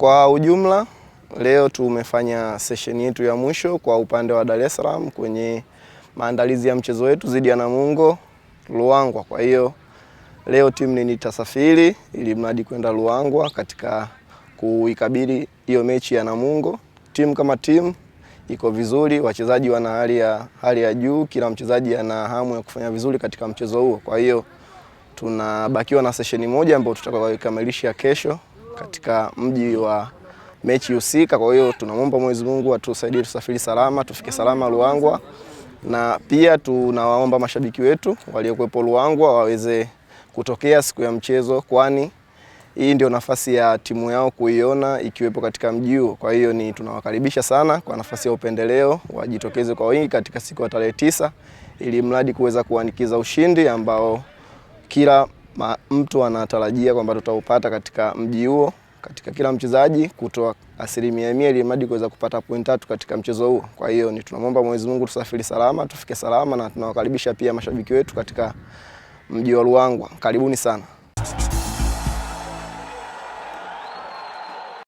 Kwa ujumla leo tumefanya session yetu ya mwisho kwa upande wa Dar es Salaam kwenye maandalizi ya mchezo wetu dhidi ya Namungo Luangwa. Kwa hiyo leo timu nitasafiri ili mradi kwenda Luangwa katika kuikabili hiyo mechi ya Namungo. Timu kama timu iko vizuri, wachezaji wana hali ya, hali ya juu, kila mchezaji ana hamu ya kufanya vizuri katika mchezo huo. Kwa hiyo tunabakiwa na sesheni moja ambayo tutakayokamilisha kesho katika mji wa mechi husika. Kwa hiyo tunamwomba Mwenyezi Mungu atusaidie tusafiri salama, tufike salama Luangwa, na pia tunawaomba mashabiki wetu waliokuwepo luangwa waweze kutokea siku ya mchezo, kwani hii ndio nafasi ya timu yao kuiona ikiwepo katika mji huo. Kwa hiyo ni tunawakaribisha sana kwa nafasi ya upendeleo, wajitokeze kwa wingi katika siku ya tarehe tisa, ili mradi kuweza kuanikiza ushindi ambao kila ma, mtu anatarajia kwamba tutaupata katika mji huo, katika kila mchezaji kutoa asilimia mia ili mradi kuweza kupata point tatu katika mchezo huo. Kwa hiyo ni tunamwomba Mwenyezi Mungu tusafiri salama, tufike salama, na tunawakaribisha pia mashabiki wetu katika mji wa Ruangwa. Karibuni sana.